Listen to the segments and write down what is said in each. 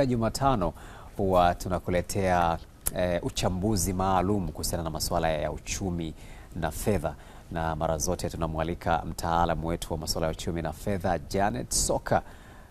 kila Jumatano huwa tunakuletea e, uchambuzi maalum kuhusiana na masuala ya uchumi na fedha, na mara zote tunamwalika mtaalamu wetu wa masuala ya uchumi na fedha Janet Soka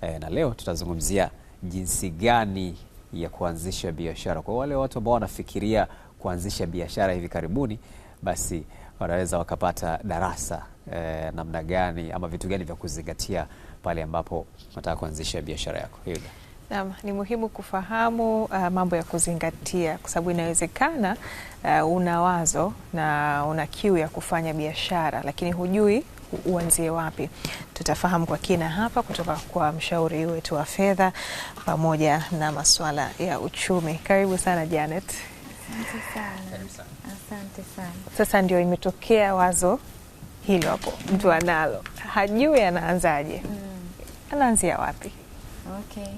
e, na leo tutazungumzia jinsi gani ya kuanzisha biashara. Kwa wale watu ambao wanafikiria kuanzisha biashara hivi karibuni, basi wanaweza wakapata darasa e, namna gani ama vitu gani vya kuzingatia pale ambapo unataka kuanzisha biashara yako. Hilda. Naam, ni muhimu kufahamu uh, mambo ya kuzingatia kwa sababu inawezekana uh, una wazo na una kiu ya kufanya biashara lakini hujui uanzie wapi. Tutafahamu kwa kina hapa kutoka kwa mshauri wetu wa fedha pamoja na masuala ya uchumi. Karibu sana Janet. Asante sana. Asante sana. Sasa ndio imetokea wazo hilo hapo, mtu analo, hajui anaanzaje, mm. anaanzia wapi? Okay.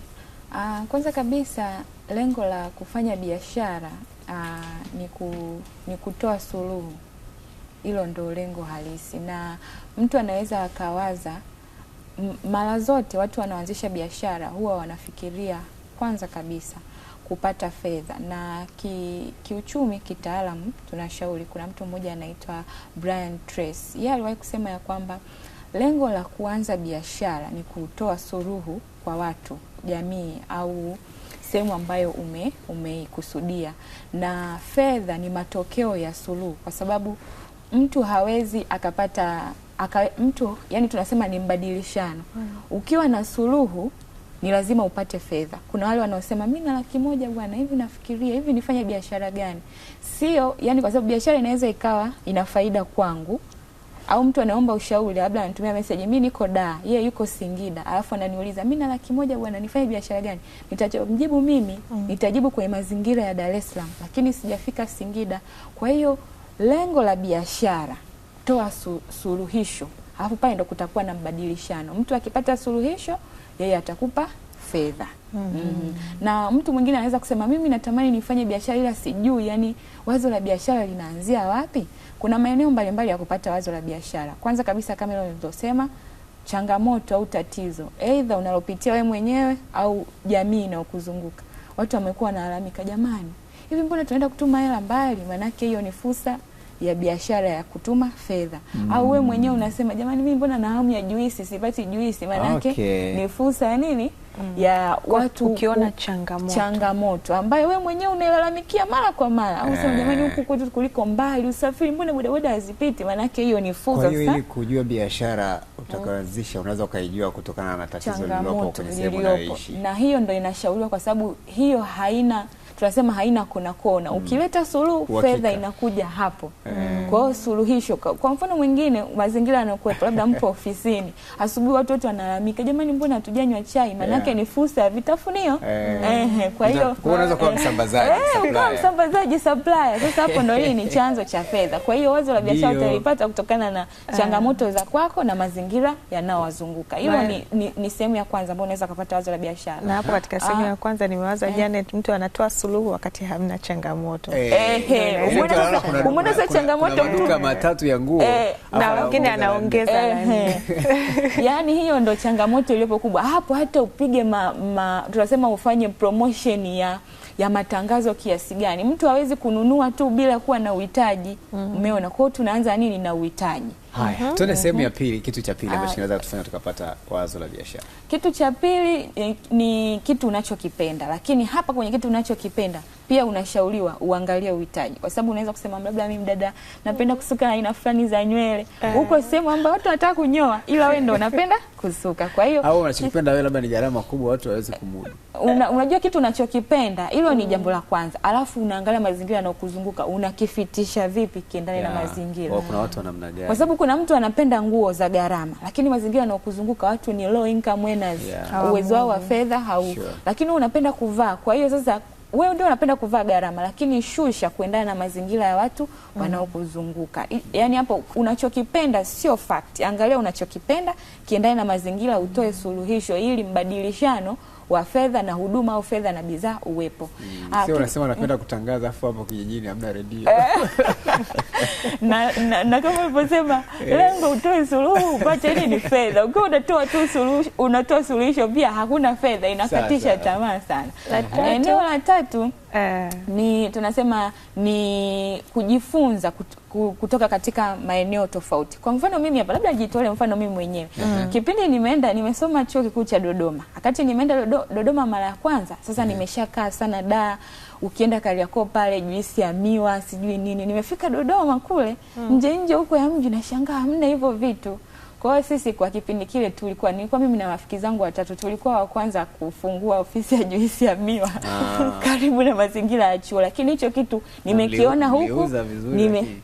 Uh, kwanza kabisa lengo la kufanya biashara uh, ni, ku, ni kutoa suluhu. Hilo ndo lengo halisi, na mtu anaweza akawaza mara zote. Watu wanaanzisha biashara huwa wanafikiria kwanza kabisa kupata fedha na ki, kiuchumi kitaalamu tunashauri. Kuna mtu mmoja anaitwa Brian Tracy, yeye aliwahi kusema ya kwamba lengo la kuanza biashara ni kutoa suluhu kwa watu jamii au sehemu ambayo ume umeikusudia. Na fedha ni matokeo ya suluhu, kwa sababu mtu hawezi akapata aka, mtu yani tunasema ni mbadilishano. Hmm. Ukiwa na suluhu ni lazima upate fedha. Kuna wale wanaosema mimi na laki moja bwana, hivi nafikiria hivi nifanye biashara gani? Sio yani, kwa sababu biashara inaweza ikawa ina faida kwangu au mtu anaomba ushauri, labda anatumia message, mimi niko da, yeye yuko Singida, alafu ananiuliza mimi na laki moja bwana, nifanye biashara gani? Nitamjibu mimi mm. nitajibu kwenye mazingira ya Dar es Salaam, lakini sijafika Singida. Kwa hiyo lengo la biashara, toa su, suluhisho, alafu pale ndo kutakuwa na mbadilishano. Mtu akipata suluhisho, yeye atakupa fedha mm -hmm. mm -hmm. na mtu mwingine anaweza kusema mimi natamani nifanye biashara ila sijui, yani wazo la biashara linaanzia wapi? Kuna maeneo mbalimbali ya kupata wazo la biashara. Kwanza kabisa kama ile nilivyosema, changamoto au tatizo aidha unalopitia wewe mwenyewe au jamii inayokuzunguka. Watu wamekuwa wanalalamika, jamani, hivi mbona tunaenda kutuma hela mbali? Maanake hiyo ni fursa ya biashara ya kutuma fedha mm. Au wewe mwenyewe unasema jamani, mimi mbona na hamu ya juisi sipati juisi? Maanake okay. ni fursa ya nini mm. ya watu ukiona changamoto, changamoto ambayo we mwenyewe unailalamikia mara kwa mara au sema jamani, huku eh. kwetu kuliko mbali, usafiri mbona bodaboda hazipiti? Maanake hiyo ni fursa. Kwa hiyo ili kujua biashara mm. unaweza ukaijua kutokana na tatizo lililopo kwenye sehemu unayoishi, na hiyo ndo inashauriwa kwa sababu hiyo haina tunasema haina kona kona. Mm. Ukileta suluhu, fedha inakuja hapo mm. Kwa hiyo suluhisho, kwa mfano mwingine, mazingira yanakuwepo, labda mpo ofisini, asubuhi watu wote wanalalamika, jamani, mbona hatujanywa chai? Maanake yeah. ni fursa ya vitafunio eh. Kwa hiyo unaweza kuwa msambazaji eh, supplier, msambazaji supplier. Sasa hapo ndo hii ni chanzo cha fedha. Kwa hiyo wazo la biashara utalipata kutokana na eh. changamoto za kwako na mazingira yanayowazunguka. Hiyo ni, ni, ni sehemu ya kwanza ambayo unaweza kupata wazo la biashara, na hapo katika sehemu ah. ya kwanza nimewaza Janet, mtu anatoa suluhu wakati hamna changamoto. Eh, eh, Umeongeza eh, changamoto, maduka matatu ya nguo na wengine anaongeza yaani hiyo ndo changamoto iliyopo kubwa hapo. Hata upige ma, ma, tunasema ufanye promotion ya ya matangazo kiasi gani, mtu hawezi kununua tu bila kuwa na uhitaji. Mm. Umeona mm -hmm. Kwao tunaanza nini na uhitaji Haya, mm -hmm. tuende sehemu ya mhm. pili, kitu cha pili ambacho kinaweza ah. kutufanya tukapata wazo la biashara. Kitu cha pili eh, ni, kitu unachokipenda, lakini hapa kwenye kitu unachokipenda pia unashauriwa uangalie uhitaji, kwa sababu unaweza kusema labda mimi mdada napenda kusuka aina fulani za nywele huko, eh. uh, sehemu ambayo watu wanataka kunyoa, ila wewe ndio unapenda kusuka. Kwa hiyo au unachokipenda wewe labda ni gharama kubwa watu waweze kumudu. Una, eh. unajua kitu unachokipenda hilo mm. ni jambo la kwanza, alafu unaangalia mazingira yanayokuzunguka, unakifitisha vipi kiendane yeah. na mazingira. Kuna watu wa namna gani? kwa sababu kuna mtu anapenda nguo za gharama, lakini mazingira yanayokuzunguka watu ni low income earners, ah, uwezo wao wa mm. fedha hau, lakini unapenda kuvaa. Kwa hiyo sasa wewe ndio unapenda kuvaa gharama, lakini shusha kuendana na mazingira ya watu mm. wanaokuzunguka. Yaani hapo unachokipenda sio fact, angalia unachokipenda kiendane na mazingira, utoe suluhisho ili mbadilishano wa fedha na huduma au fedha na bidhaa uwepo. Mm, ah, sio unasema unapenda mm. kutangaza afu hapo kijijini hamna redio. Eh. na, na, na kama ulivyosema eh. lengo utoe suluhu upate nini? Fedha. Ukiwa unatoa tu suluhu, unatoa suluhisho pia hakuna fedha, inakatisha tamaa sana. Mhm. Eneo la tatu Eh, ni tunasema ni kujifunza kutoka katika maeneo tofauti. Kwa mfano mimi hapa, labda jitole mfano mimi mwenyewe mm. Kipindi nimeenda nimesoma chuo kikuu cha Dodoma, wakati nimeenda Dodo, Dodoma mara ya kwanza, sasa mm. nimeshakaa sana da ukienda Kariakoo pale juisi ya miwa sijui nini, nimefika Dodoma kule mm. nje nje huko ya mji nashangaa hamna hivyo vitu kwa hiyo sisi kwa kipindi kile tulikuwa nilikuwa mimi na rafiki zangu watatu tulikuwa wa kwanza kufungua ofisi ya juisi ya miwa ah. karibu na mazingira ya chuo, lakini hicho kitu nimekiona huku nime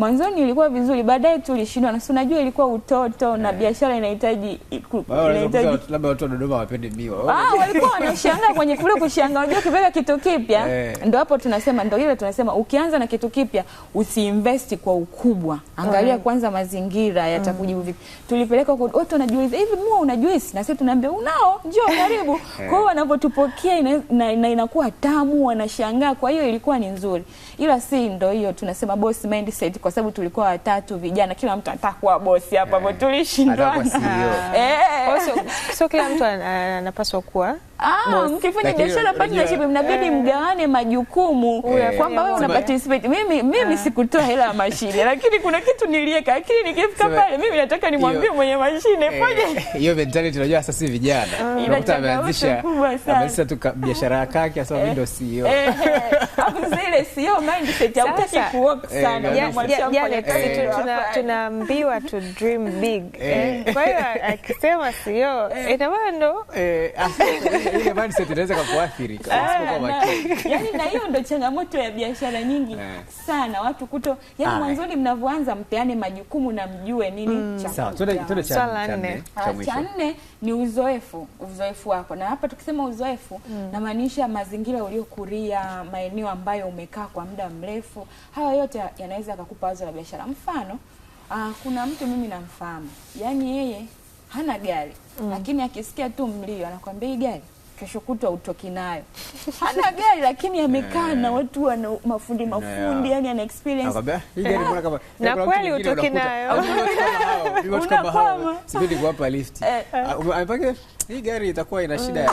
mwanzoni ilikuwa vizuri, baadaye tulishindwa, na si unajua ilikuwa utoto yeah. na eh. biashara inahitaji inahitaji, labda watu wa Dodoma wapende miwa. Ah, walikuwa wanashangaa kwenye kule kushanga, unajua kipeka kitu kipya yeah. Ndio hapo tunasema, ndio ile tunasema, ukianza na kitu kipya usiinvest kwa ukubwa, angalia mm. kwanza mazingira mm. yatakujibu vipi. mm. Tulipeleka kwa watu wanajiuliza, hivi mua una juice? Na sisi tunaambia unao, njoo karibu. yeah. Kwa hiyo wanapotupokea ina, ina, na inakuwa tamu, wanashangaa. Kwa hiyo ilikuwa ni nzuri, ila si ndio hiyo tunasema boss mindset kwa kwa sababu tulikuwa watatu vijana, kila mtu anataka kuwa bosi hapa, yeah. tulishindwana. Sio e eh. oh, kila mtu anapaswa kuwa Ah, mkifanya biashara partnership mnabidi yeah, mgawane majukumu yeah, kwamba wewe una participate. Mimi mimi yeah, sikutoa hela ya mashine lakini kuna kitu nilieka, lakini nikifika pale mimi nataka nimwambie mwenye mashine eh, fanya hiyo mentality. Unajua sasa hivi vijana ah. unakuta ameanzisha ameanzisha tu biashara ya kaki sasa mimi ndio eh. CEO. Eh. Hapo zile CEO mindset ya hautaki kuwork sana. Jana tunaambiwa to dream big. Kwa hiyo akisema CEO itakuwa ndo ile mindset inaweza kukuathiri ah, yani, na hiyo ndo changamoto ya biashara nyingi eh. sana, watu kuto yani, ah. mwanzoni mnavyoanza mpeane majukumu na mjue nini mm. cha cha ah, nne ni uzoefu, uzoefu wako. Na hapa tukisema uzoefu mm. namaanisha mazingira uliokulia, maeneo ambayo umekaa kwa muda mrefu, hayo yote yanaweza akakupa wazo la biashara. Mfano uh, kuna mtu mimi namfahamu, yani yeye hana gari mm. lakini akisikia tu mlio anakwambia hii gari kesho kutwa utoki nayo. Hana gari lakini amekaa na eh. watu wana mafundi mafundi, yani ana experience. Hii gari mbona kama na kweli utoki nayo. Unakwama. Sipendi kuwapa lift. Amepaka hii gari itakuwa ina shida ya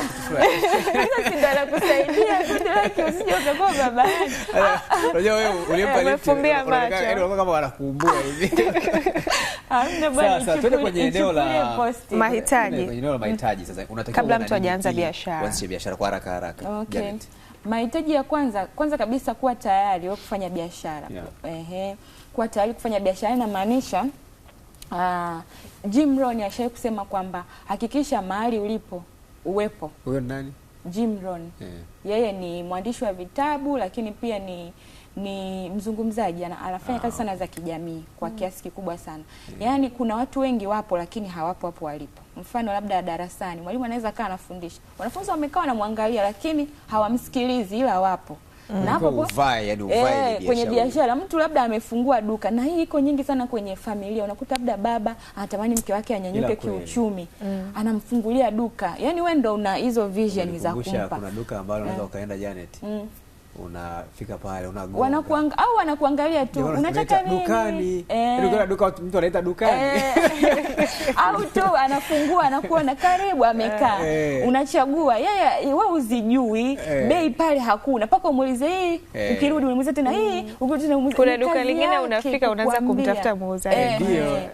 twende kwenye eneo la mm. mahitaji sasa. Kabla mtu hajaanza biashara, biashara kwa haraka haraka. Okay. Mahitaji ya kwanza kwanza kabisa kuwa tayari wewe kufanya biashara. Ehe. Kuwa tayari kufanya biashara inamaanisha ah, Jim Rohn ashawahi kusema kwamba hakikisha mahali ulipo uwepo. Huyo nani? Jim Rohn. Yeah. Yeye ni mwandishi wa vitabu lakini pia ni ni mzungumzaji anafanya kazi ah. sana za kijamii kwa mm. kiasi kikubwa sana mm. Yaani kuna watu wengi wapo lakini hawapo hapo walipo. Mfano labda darasani mwalimu anaweza kaa anafundisha, wanafunzi wamekaa wanamwangalia, lakini hawamsikilizi, ila wapo Mm. na hapo uvae, yani uvae e, kwenye biashara mtu labda amefungua duka na hii iko nyingi sana kwenye familia, unakuta labda baba anatamani mke wake anyanyuke kiuchumi mm. anamfungulia duka, yani wewe ndo una hizo vision za kumpa. Kuna duka ambalo unaweza eh. ukaenda Janet mm unafika pale unagonga, wanakuang au wanakuangalia tu, unataka nini dukani, eh, yaani duka mtu anaita dukani eh, au tu anafungua anakuona karibu amekaa eh, eh. unachagua yeye, wewe uzijui eh, bei pale hakuna paka umuulize hii eh, ukirudi unamuuliza tena hii mm, ukirudi tena umuuliza. Kuna duka lingine unafika unaanza kumtafuta muuzaji eh, ndio. Eh.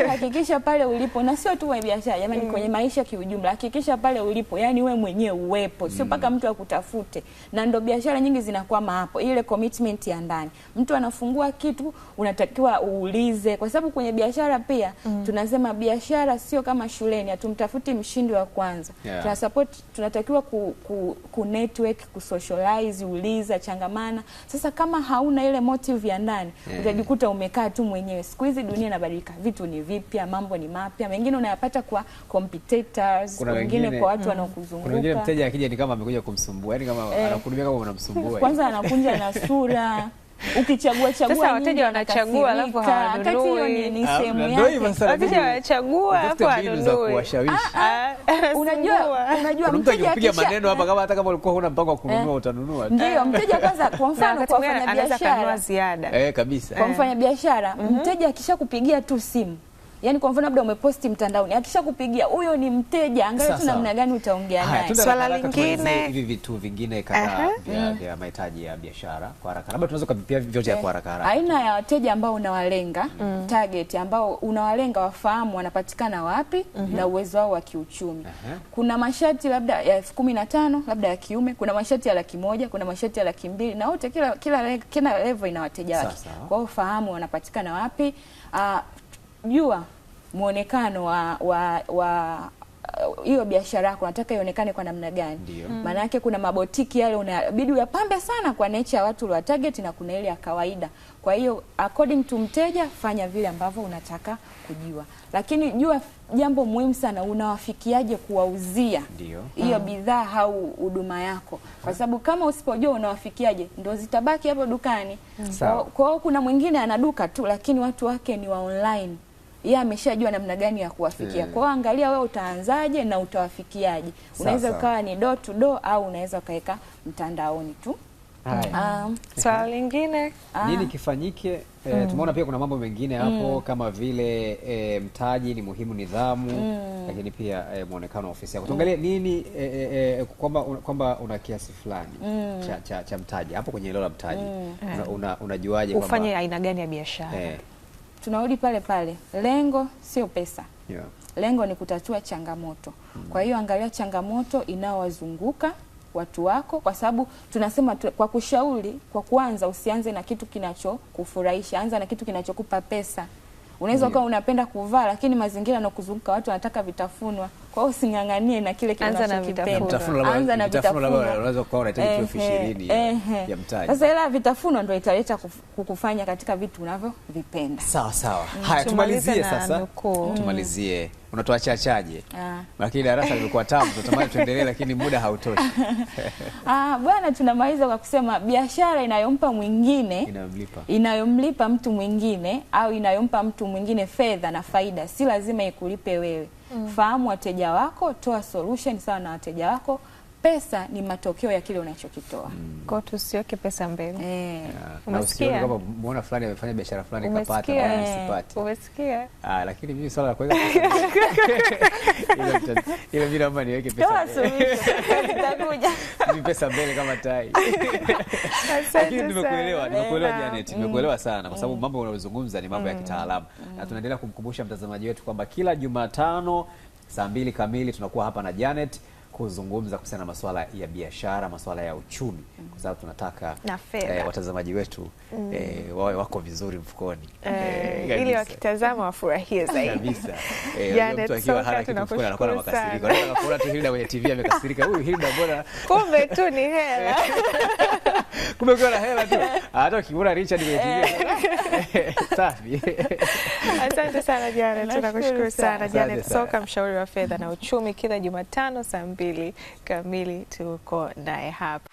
Kwa hakikisha pale ulipo, na sio tu wa biashara jamani, mm, kwenye maisha kiujumla, hakikisha pale ulipo, yani wewe mwenyewe uwepo, sio mm. mpaka mm. mtu akutafute, na ndio biashara nyingi dhambi zinakwama hapo, ile commitment ya ndani. Mtu anafungua kitu, unatakiwa uulize, kwa sababu kwenye biashara pia mm. tunasema biashara sio kama shuleni, hatumtafuti mshindi wa kwanza yeah. tuna support, tunatakiwa ku, ku, ku network, ku socialize, uliza, changamana. Sasa kama hauna ile motive ya ndani yeah. utajikuta umekaa tu mwenyewe. Siku hizi dunia inabadilika, vitu ni vipya, mambo ni mapya, mengine unayapata kwa competitors, wengine kwa watu mm. wanaokuzunguka. Kuna wengine mteja akija ni kama amekuja kumsumbua, yani kama eh. anakuhudumia kama unamsumbua alafu kwanza anakunja na sura ukichagua chagua ah, sasa wateja wanachagua alafu hawanunui. Ni sehemu yake, wateja wanachagua alafu hawanunui. Unajua, unajua mteja akipiga maneno hapa, kama hata kama ulikuwa huna mpango wa kununua eh. utanunua. Ndio mteja kwanza, kwa mfano kwa mfanyabiashara eh, kabisa kwa eh. mfanyabiashara, mhm. mteja akishakupigia tu simu yani kwa mfano labda umeposti mtandaoni, akishakupigia huyo ni mteja, angalia tu namna gani utaongea naye. Swala lingine hivi vitu vingine kadhaa vya mm. mahitaji ya biashara kwa haraka, labda tunaweza kupipia vyote eh, kwa haraka haraka, aina ya wateja ambao unawalenga mm. target ambao unawalenga wafahamu wanapatikana wapi mm -hmm. na uwezo wao wa kiuchumi uh -huh. kuna mashati labda ya elfu kumi na tano labda ya kiume, kuna mashati ya laki moja, kuna mashati ya laki mbili, na wote kila kila kila level ina wateja wake, kwa hiyo fahamu wanapatikana wapi uh, jua mwonekano wa wa, wa uh, hiyo biashara yako nataka ionekane kwa namna gani? Mm. Maana yake kuna mabotiki yale unabidi uyapambe sana kwa nature ya watu wa target na kuna ile ya kawaida. Kwa hiyo according to mteja, fanya vile ambavyo unataka kujua, lakini jua jambo muhimu sana, unawafikiaje kuwauzia hiyo mm. bidhaa au huduma yako, kwa mm. sababu kama usipojua unawafikiaje, ndo zitabaki hapo dukani mm. Kwa hiyo kuna mwingine ana duka tu, lakini watu wake ni wa online yeye ameshajua namna gani ya kuwafikia Hmm. Kwa hiyo angalia wewe utaanzaje na utawafikiaje. Unaweza ukawa ni door to door au unaweza ukaweka mtandaoni tu. Um, mm. swala lingine ah. nini kifanyike? E, tumeona pia kuna mambo mengine mm. hapo mm. kama vile e, mtaji ni muhimu, nidhamu mm. lakini pia e, mwonekano wa ofisi yako. Tuangalie nini e, e, kwamba kwamba una kiasi fulani mm. cha, cha, cha mtaji hapo kwenye eneo la mtaji mm. unajuaje una, una unajuaje kwamba ufanye aina gani ya biashara e tunarudi pale pale, lengo sio pesa yeah. Lengo ni kutatua changamoto mm. Kwa hiyo angalia changamoto inayowazunguka watu wako, kwa sababu tunasema tu, kwa kushauri, kwa kuanza usianze na kitu kinachokufurahisha, anza na kitu kinachokupa pesa. Unaweza ukawa yeah. unapenda kuvaa, lakini mazingira yanakuzunguka watu wanataka vitafunwa kwa hiyo using'ang'anie na kile kinachokipenda, anza na vitafuno. Unaweza ukawa unahitaji elfu ishirini ya mtaji. Sasa hela vitafuno ndio italeta kukufanya katika vitu unavyovipenda. Sawa sawa, mm. haya tumalizie sasa, mm. tumalizie unatuachachaje? Ah. Lakini darasa limekuwa tamu, tunatamani tuendelee, lakini muda hautoshi. Ah, bwana, tunamaliza kwa kusema biashara inayompa mwingine inayomlipa, inayomlipa mtu mwingine au inayompa mtu mwingine fedha na faida, si lazima ikulipe wewe mm. Fahamu wateja wako, toa solution sawa na wateja wako, pesa ni matokeo ya kile unachokitoa. Mm. Kwa tusiweke pesa mbele. Eh. Yeah. Umesikia? Kama muona fulani amefanya biashara fulani kapata na msipate. Eh. Umesikia? Ah, lakini mimi swala la kuweka pesa. Ile bila mimi niweke pesa. nitakuja. Ni pesa mbele kama tai. Lakini nimekuelewa, nimekuelewa Janet, nimekuelewa sana kwa sababu mm. mambo unayozungumza ni mambo ya mm. kitaalamu. Mm. Na tunaendelea kumkumbusha mtazamaji wetu kwamba kila Jumatano saa mbili kamili tunakuwa hapa na Janet kuzungumza kuhusiana na masuala ya biashara, masuala ya uchumi mm. kwa sababu tunataka eh, watazamaji wetu mm. eh, wawe wako vizuri mfukoni eh, eh, ili wakitazama wafurahie zaidi kabisa. Eh, yaani akiwa hana kitu mfukoni anakuwa na makasiriko, anakuwa tu Hilda kwenye TV amekasirika, huyu Hilda bora kumbe tu ni hela kumekuwa na hela tu ah, hata ukimwona Richard eh. safi. Asante sana Janet, tunakushukuru sana Janet Soka, mshauri wa fedha na uchumi. Kila Jumatano saa mbili kamili tuko naye hapa.